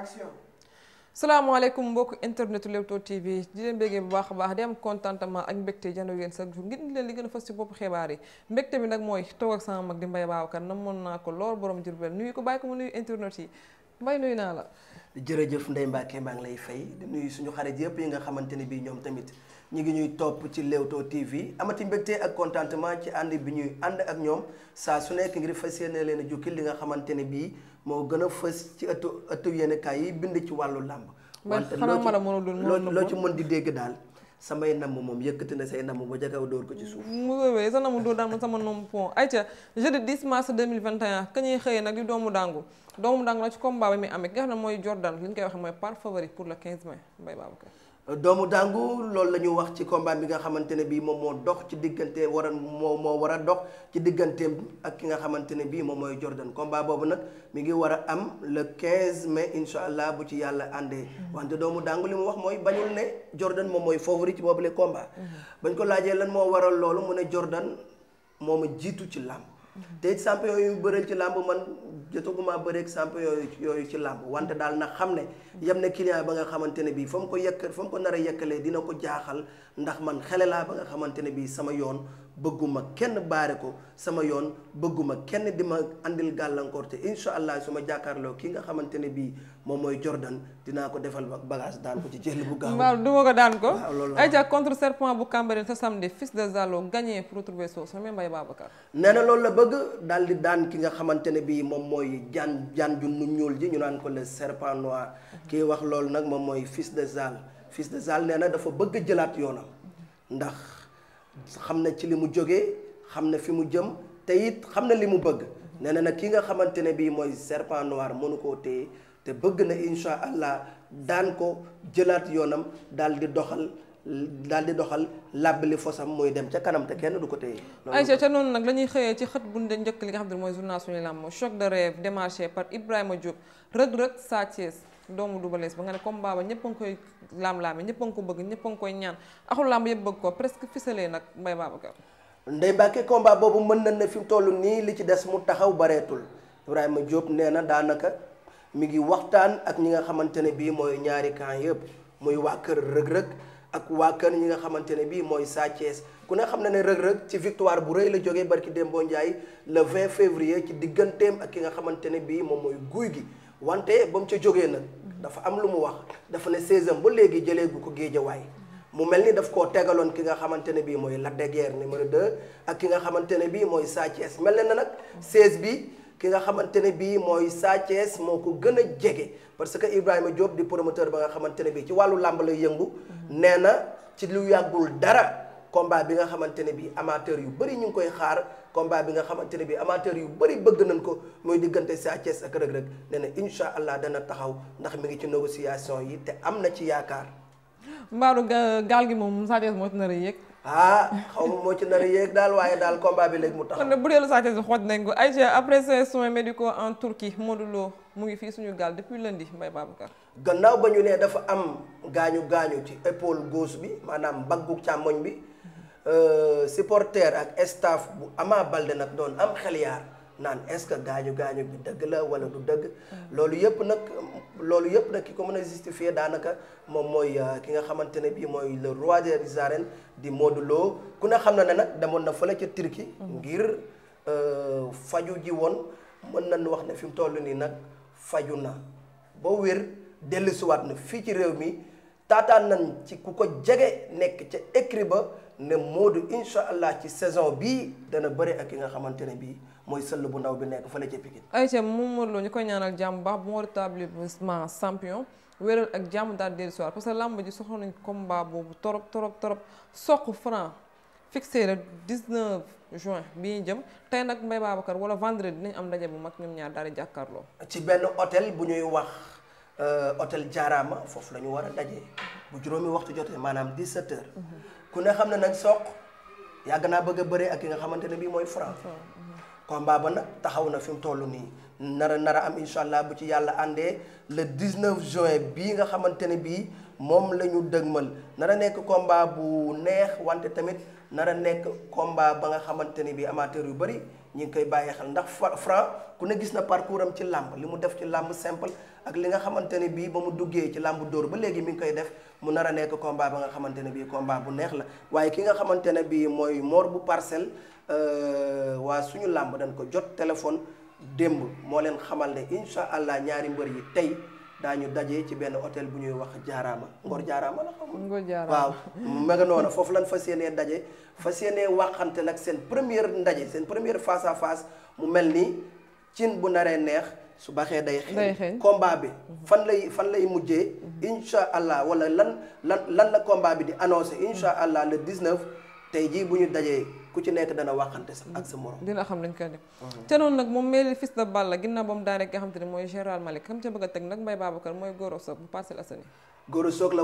action. salaamaaleykum mbokk internet Leewtoo TV di leen béggee bu baax a baax di am contentement ak mbégte jano yéen chaque jour ngir indi leen li gën fas ci bopp xibaar yi mbégte bi nag mooy toog ak sama mag di kan na mën naa ko lool borom Jurbel nuyu ko bàyyi ko mu nuyu internet yi mbay nuyu naa la. jërëjëf Ndeye Mbacke maa ngi lay fay di nuyu suñu xarit yëpp yi nga xamante ni bii ñoom tamit ñu ngi ñuy topp ci Leewtoo TV amati mbégte ak contentement ci ànd bi ñuy ànd ak ñoom saa su nekk ngir fas yéene leen jukkil li nga xamante ne bii moo gën a fës ci ëttu ëttu yenn kaay yi bind ci wàllu làmb. wante loo ci mën di dégg daal. samay namm moom yëkkati na say namm ba jakaw dóor ko ci suuf mosowee sa namm dóor daan na sama nom pont ayca jeudi 10 mars 2021 ka ñuy xëyee nag di doomu dangu doomu dangu la ci combat ba mi amee ki nga xam ne mooy Jordan li koy waxee mooy par favori pour le 15 mai Mbaye Babacar doomu dàngu loolu la ñu wax ci combat bi nga xamante ne bii moom moo dox ci diggante waral a moo moo war a dox ci digganteem ak ki nga xamante ne bii moom mooy Jordan combat boobu nag mi ngi war a am le 15 mai incha allah bu ci yàlla àndee. Mm-hmm. wante doomu dàngu li mu wax mooy bañul ne Jordan moom mooy favori ci boobule combat. Mm-hmm. bañ ko laajee lan moo waral loolu mu ne Jordan moom ma jiitu ci làmb te it champion yu bëreel ci làmb man jotaguma bëreeg champion yooyu yooyu ci làmb wante daal na xam ne yem na client ba nga xamante ne bii fa mu ko yekk fa mu ko nar a yekkalee dina ko jaaxal ndax man xele laa ba nga xamante ne bii sama yoon bëgguma kenn baare ko sama yoon bëgguma kenn di ma andil gàllankoor te incha allah su ma jàkkaarloo ki nga xamante ne bii moom mooy Jordan dinaa ko defal bagage daan ko ci jël bu gaaw. waaw du ma daan ko. loolu ayca contre serpent bu Cambérène ce samedi fils de Zalo gagné pour retrouver son sommet Mbaye Babacar. nee na loolu la bëgg daal di daan ki nga xamante ne bii moom mooy jaan jaan ju nu ñuul ji ñu naan ko le serpent noir kii wax loolu nag moom mooy fils de Zal fils de Zal nee na dafa bëgg jëlaat yoonam ndax. xam na ci li mu jóge xam na fi mu jëm te it xam na li mu bëgg mhm. nee na nag ki nga xamante ne bii mooy serpent noir mënu koo téye te bëgg na insha allah daan ko jëlaat yoonam daal di doxal daal di doxal làbbali fosam muy dem ca kanam te kenn du ko téye. Aïcha ca noonu nag la ñuy xëyee ci xët bu njëkk li nga xam ne mooy journal suñu làmb choc de rêve démarché par Ibrahima Diop rëg-rëg Sa Thiès doomu Double Less ba nga ne comme baaba ñëpp a ngi koy laam-laame ñëpp ko bëgg ñëpp a koy ñaan axul lamb yëpp bëgg ko presque ficelé nag Mbaye Babacar Ndeye Mbacké combat boobu mën nañ ne fi mu toll nii li ci des mu taxaw bareetul Ibrahima Diop nee na daanaka mi ngi waxtaan ak ñi nga xamante ne bii mooy ñaari camp yëpp muy waa kër rëg-rëg ak waa kër ñi nga xamante ne bii mooy Sa ku ne xam na ne rëg-rëg ci victoire bu rëy la jógee barki Dembo Ndiaye le vingt février ci digganteem ak ki nga xamante ne bii moom mooy guy gi wante ba mu ca jógee nag dafa am lu mu wax dafa ne saison ba léegi jëlee gu ko géejawaay mu mel ni daf koo tegaloon ki nga xamante ne bii mooy Lac de Guiers numéro 2 ak ki nga xamante ne bii mooy Sa Thiès mel na nag saison bi ki nga xamante ne bii mooy Sa moo ko gën a jege parce que Ibrahima Diop di promoteur ba nga xamante ne bii ci wàllu làmb lay yëngu nee na ci lu yàggul dara. combat bi nga xamante ne bi amateur yu bëri ñu ngi koy xaar combat bi nga xamante ne bi amateur yu bëri bëgg nañ ko muy diggante Sa Thiès ak Reug Reug nee na incha allah dana taxaw ndax mi ngi ci négociation yi te am na ci yaakaar mbaaru gaal gi moom Sa Thiès moo ci nar yéeg ah xaw ma moo ci nar yéeg daal waaye daal combat bi léegi mu taxaw kon bu dee lu Sa Thiès xooj nañ ko ay après ses soins médicaux en Turquie Modou loo mu ngi fii suñu gaal depuis lundi Mbaye Babacar gannaaw ba ñu ne dafa am gaañu gaañu ci épaule gauche bi maanaam baggu càmmoñ bi Euh, supporter ak staff bu Ama Baldé nag doon am xel naan est-ce que gaañu bi dëgg la wala du dëgg. Mm. loolu yëpp nag loolu yëpp nag ki ko mën a justifier daanaka moom mooy euh, ki nga xamante ne bii mooy le roi des arènes di Modou Lo ku ne xam na ne nag demoon na fële ca Turquie. Mm. ngir euh, faju ji woon mën nañu wax ne fi mu toll nii nag faju na ba wér dellusiwaat na fii ci réew mi taataan nañ ci ku ko jege nekk ca écrit ba. ne du incha allah ci saison bii dana bëri ak ki nga xamante ne bii mooy sëll bu ndaw bi nekk fële ca Pikine. ayca mu Modou Lo ñu koy ñaanal jàmm baax bu mu rétablissement champion wéral ak jàmm daal dellu soir parce que làmb ji soxla nañ combat boobu torop torop torop soq franc fixé le 19 juin bi ñu jëm tey nag Mbaye Babacar wala vendredi dinañ am ndaje bu mag ñoom ñaar daal di ci benn hôtel bu ñuy wax euh, hôtel jaaraama foofu la ñu war a daje bu juróomi waxtu jotee maanaam 17 heures. Mhm. ku ne xam ne nag soq yàgg naa bëgg a bëree ak ki nga xamante ne bii mooy franc mhm. combat ba nag taxaw na fi mu toll nii nara nara am incha allah bu ci yàlla àndee le 19 juin bii nga xamante ne bii moom la ñu dëgmal nara nekk combat bu neex wante tamit nara nekk komba ba nga xamante ne bii amateur yu bëri ñu ngi koy bàyyi xel ndax franc ku ne gis na parcours am ci làmb li mu def ci làmb simple ak li nga xamante ne bii ba mu duggee ci làmb dóor ba léegi mi ngi koy def mu nar a nekk combat ba nga xamante ne bii combat bu neex la waaye ki nga xamante ne bii mooy moor bu parcelle euh, waa suñu làmb dañ ko jot téléphone démb moo leen xamal ne incha allah ñaari mbër yi tey daañu daje ci benn hôtel bu ñuy wax jaaraama Ngor jaaraama la xam Ngor jaaraama waaw ma nga noonu foofu lan fa yéenee daje fa yéenee waxante nag seen première ndaje seen première face mu mel ni cin bu naree neex. su baxee day xeeñ combat bi mhm. fan lay fan lay mujjee mhm. incha allah wala lan lan lan la combat bi di annoncé mhm. incha allah le 19 tey jii bu ñu dajee ku ci nekk dana waxante sax ak sa morom dina xam lañ koy def ca noonu nag moom mel fils de Balla ginnaaw ba mu daanee nga xam te ne mooy général Malick xam ca bëgg a teg nag Mbaye Babacar mooy Goro Sock bu Parcelles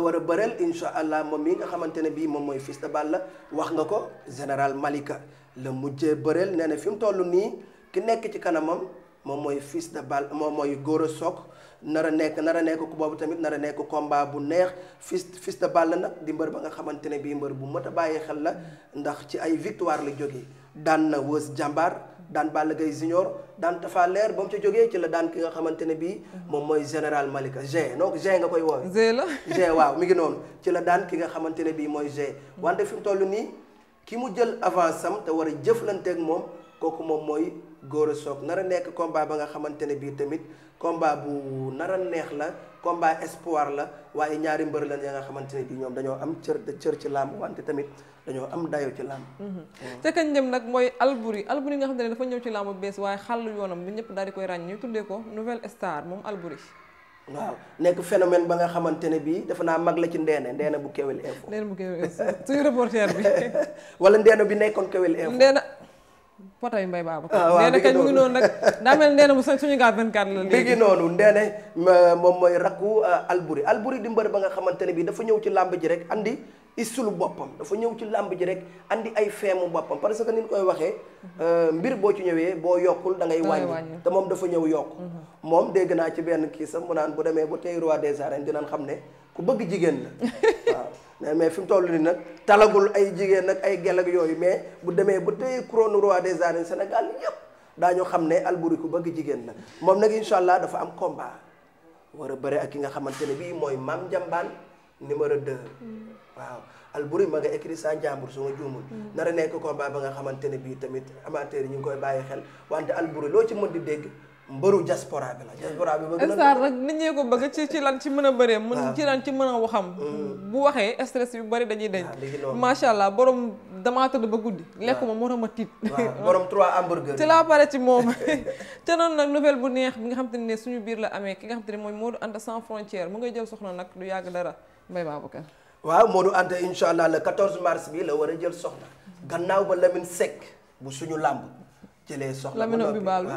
war a bëreel incha allah moom mi nga xamante ne bii moom mooy fils de Balla wax nga ko général Malika la mujjee bëreel nee na fi mu toll nii ki nekk ci kanamam moom mooy fils de Balla moom mooy Gora Sock nar a nekk nar a nekk ku boobu tamit nar a nekk combat bu neex fils fils de Balla nag di mbër ba nga xamante ne bii mbër bu mot a bàyyi xel la ndax ci ay victoire la jógee daan na wës jàmbaar daan Balla gay junior daan tafaa Leer ba mu ca jógee ci la daan ki nga xamante ne bii moom mooy général Malika G donc G nga koy woowee. G la G waaw mi ngi noonu ci la daan ki nga xamante ne bii mooy G wante fi mu toll nii ki mu jël avance am war a jëflanteeg moom kooku moom mooy. góor a soog nar a nekk combat ba nga xamante ne bii tamit combat bu nar a neex la komba espoir la waaye ñaari mbër la ya nga xamante ne bii ñoom dañoo am cër cër ci làmb wante tamit dañoo am dayo ci làmb te mhm. kañ nag mooy Alboury Alboury nga xam ne dafa ñëw ci làmb bees waaye xàll yoonam bi ñëpp daal di koy ràññee ñu tuddee ko nouvelle star moom Alboury waaw nekk phénomène ba nga xamante ne bii dafa naa mag la ci ndeene ndeene bu Kewel Info ndeene bu Kewel Info suñu reporter bi wala ndeene bi nekkoon Kewel Info ndeene potay mbay baaba ah, nee na kañ mu ngi noonu nag daa mel nee na mu sañ suñu gaal 24 la léegi noonu nee ne moom mooy rakku ah, Alburi Alburi di mbër ba nga xamante ne bi dafa ñëw ci làmb ji rek andi isulu boppam dafa ñëw ci làmb ji rek andi ay feemu boppam parce que ni ñu koy waxee euh, mbir boo ci ñëwee boo yokkul da ngay wàññi te moom dafa ñëw yokk mhm. moom dégg naa ci benn kii sax naan bu demee bu tey roi des arènes dinaan xam ne ku bëgg jigéen la mais fi mu toll nii nag talagul ay jigéen nag ay gel yooyu mais bu demee ba tey couronne roi des arènes Sénégal yépp daañu xam ne Alboury ku bëgg jigéen nag moom nag incha allah dafa am combat war a bëri ak ki nga xamante ne bii mooy Mame Jambaan numéro 2. Mm. waaw Alboury ma nga écrit sa njàmbur su ma juumul. Mm. nar a nekk combat ba nga xamante ne bii tamit amateur yi ñu ngi koy bàyyi xel wante Alboury loo ci mën di dégg. mbëru mm-hmm. diaspora bi la diaspora bi bëgg na rek nit ñee ko bëgg ci lan ci mën a bëree mën ah. ci lan ci mën a waxam mm. bu waxee stress bi bari dañuy deñ ah, macha allah borom damaa tëdd ba guddi ah. lekk ma moo tax ma tiit borom trois hamburger ci laa pare ci moom te noonu nag nouvelle bu neex bi nga xam te ne suñu biir la amee ki nga xam te ne mooy Modou Anta sans frontière mu ngay jël soxna nag du yàgg dara Mbaye Babacar waaw Modou Anta incha allah le 14 mars bi la war a jël soxna gannaaw ba Lamine Seck bu suñu làmb jëlee soxla lamino bi baalu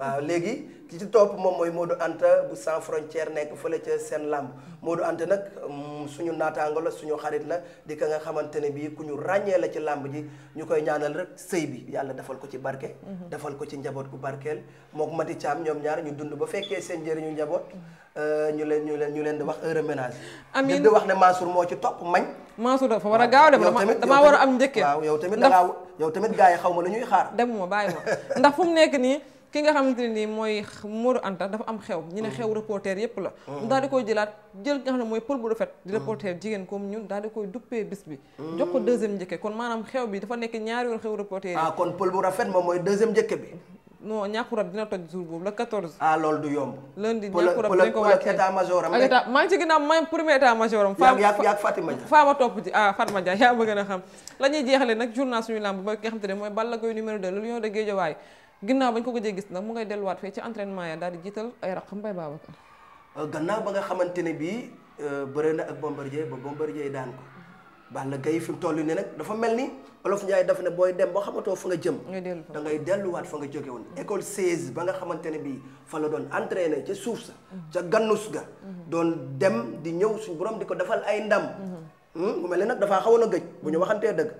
waaw léegi ki ci topp moom mooy Modou Anta bu sans frontière nekk fële ca seen làmb Modou Anta nag mm, suñu naataango la suñu xarit la di ka nga xamante ne bii ku ñu ràññee la ci làmb ji ñu koy ñaanal rek sëy bi yàlla defal ko ci barke mhm. defal ko ci njaboot gu barkeel mook Mati Thiam ñoom ñaar ñu dund ba fekkee seen njëriñu njaboot mhm. euh, ñu leen ñu leen ñu leen di wax heure ménage amiin di wax ne Mansour moo ci topp mañ Mansour dafa war a gaaw de damaa war a am njëkkee waaw yow tamit dangaa yow tamit gars yi xaw ma lu ñuy xaar demuma bàyyi ma ndax fu mu nekk nii ki nga xamante ne nii mooy Modou Anta dafa am xew ñu ne xew mm-hmm. reporter yépp la mm-hmm. mu daal di koy jëlaat jël nga xam ne mooy pël bu rafet di mm-hmm. reporter jigéen comme ñun daal di koy duppee bis bi jox ko deuxième njëkke kon maanaam xew bi dafa nekk ñaari yoon xew reporter yi ah kon pël bu rafet moom mooy deuxième njëkke bi non ñàkku rab dina toj jour boobu le 14. ah loolu du yomb. lundi ñàkku rab dinañ ko wàccee maa ngi ci ginnaaw maa ngi premier yaa yaa Fatima Dia ah, a xam. la ñuy jeexalee nag journal suñu lamb ba ki nga xam te ne mooy Balla Gaye numéro 2 le lion de ko euh, gannaaw ba nga xamante ne bii euh, bëre na ak Bombardier ba Bombardier daan ko Balla Gaye fi mu toll nii nag dafa mel ni Olof Ndiaye daf ne booy dem boo xamatoo fa nga jëm. da ngay delluwaat fa nga jóge woon. Mm-hmm. école 16 ba nga xamante ne bii fa la doon entraîné ca suuf sa. Mm-hmm. ca gannus ga. Mm-hmm. doon dem di ñëw suñu borom di ko defal ay ndam. Hmm? mu mel ni nag dafaa xawoon a gëj bu ñu waxantee dëgg.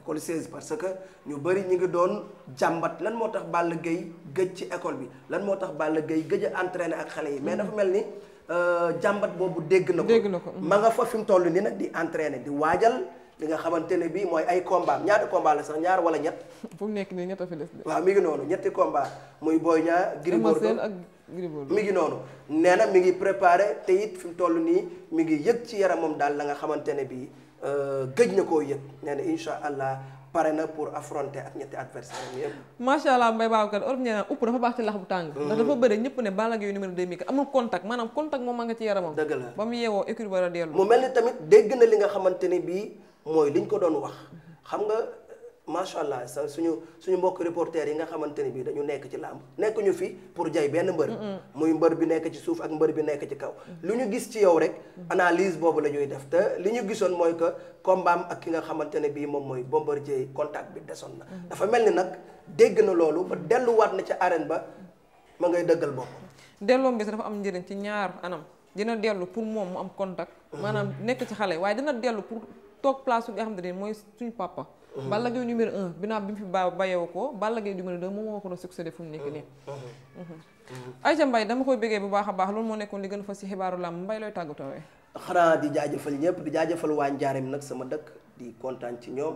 école 16 parce que ñu bëri ñu ngi doon jàmbat lan moo tax Balla Gaye gëj ci école bi lan moo tax Balla Gaye gëj a entraîné ak xale yi mais dafa mel ni. Euh, jàmbat boobu dégg na ko dégg na ko ma nga fa fi mu toll nii nag di entraîner di waajal li nga xamante ne bii mooy ay combat ñaata combat la sax ñaar wala ñett fu mu nekk nii ñett a fi des waaw mi ngi noonu ñetti combat muy Boy Niang Gris Bordeaux ak Gris Bordeaux mi ngi noonu nee nag mi ngi préparé te it fi mu toll nii mi ngi yëg ci yaramam daal la nga xamante ne bii euh, gëj na koo yëg nee ne incha allah pare na pour affronter ak ñetti adversaire am yëpp. allah Mbaye Babacar olof nee naa upp dafa baax ci lax bu tàng. dafa bëre ñëpp ne Balla Gaye numéro 2 mi amul contact maanaam contact moom ma nga ci yaramam. ba mu yeewoo écurie ba la dellu. mu mel ni tamit dégg na li nga xamante bii mooy liñ ko doon wax xam nga. macha allah sa suñu suñu mbokk reporter yi nga xamante ni bii dañu nekk ci làmb nekk ñu fi pour jay benn mbër muy mbër bi nekk ci suuf ak mbër bi nekk ci kaw lu ñu gis ci yow rek analyse boobu la ñuy def te li ñu gisoon mooy que combat ak ki nga xamante ne bii moom mooy Bombardier contact bi desoon na dafa mel ni nag dégg na loolu ba delluwaat na ca arène ba ma ngay dëggal bopp delloom bi dafa am njëriñ ci ñaar anam dina dellu pour moom mu am contact mm-hmm. maanaam nekk ci xale waaye dina dellu pour toog place bi nga xam ne mooy suñu papa Uh-huh. Balla Gaye numéro un binaa bi mu fi ba bayewu ko Balla Gaye numéro deux moom moo ko doon succédé fu mu nekk nii uh-huh. Uh-huh. Aïcha Mbaye dama koy bëggee bu baax a baax loolu moo nekkoon li gën a fas ci xibaaru làmb Mbaye looy tàggatoo xanaa di jaajëfal ñëpp di jaajëfal waa Njaareem nag sama dëkk di kontaan ci ñoom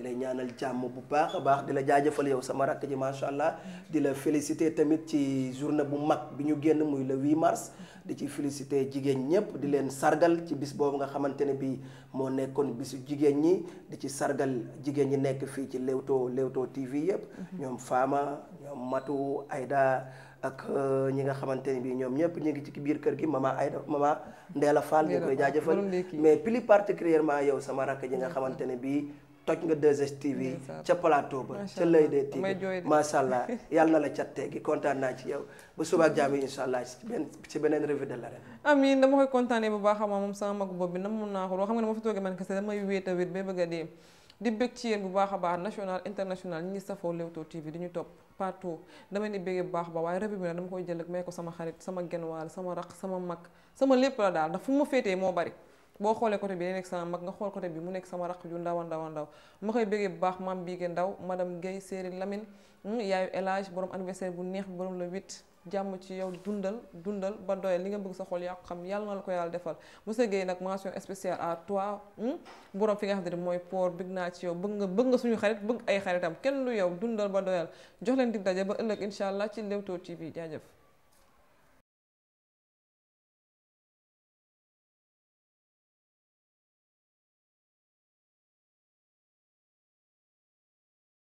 di lay ñaanal jàmm bu baax baax di la jaajëfal yow sama rakk ji macha allah di la féliciter tamit ci journée bu mag bi ñu génn muy le 8 mars di ci féliciter jigéen ñëpp di leen sargal ci bis boobu nga xamante ne bii moo nekkoon bisu jigéen ñi di ci sargal jigéen ñi nekk fii ci Leewtoo Leewtoo TV yëpp. Mhm. ñoom Fama ñoom Matu Aida ak euh, ñi nga xamante ne bii ñoom ñëpp ñu ngi ci biir kër gi mama Aida mama Ndéla Fall. ñu koy jaajëfal mais plus particulièrement yow sama rakk ji nga xamante ne bii. toj nga 2STV ca plateau ba ca lay dee TV macha allah yàlla na la cat teegi kontaan naa ci yow ba suba ak jàmm incha allah ci benn ci beneen revue de l'arène amiin dama koy kontaanee bu baax a moom sama mag bopp bi nam mun naa ko loo xam nga ne ma fi toogee man kese damay wéet a wéet ba bëgg a dee di bëgg ci yéen bu baax a baax national international ñi ngi safoo Leewtoo TV di ñu topp partout dama ni bëggee bu baax a baax waaye revue bi nag dama koy jël ak may ko sama xarit sama genwaal sama raq sama mag sama lépp la daal ndax fu ma féetee moo bari boo xoolee côté bi day nekk sama mag nga xool côté bi mu nekk sama raq ju ndaw ndaw ndaw ma koy bëggee bu baax maam Biége Ndaw madame Guèye Séeri Lamine hmm, yaayu El Hadj borom anniversaire bu neex borom la huit jàmm ci yow dundal dundal ba doyal li nga bëgg sa xol yaa ko xam yàlla la ko yàlla defal monsieur Guèye nag mention spéciale à toi hmm, borom fi nga xam ne mooy port bëgg naa ci yow bëgg nga bëgg nga suñu xarit bëgg ay xaritam kenn du yow dundal ba doyal jox leen di daje ba ëllëg incha allah ci Leewtoo TV jaajëf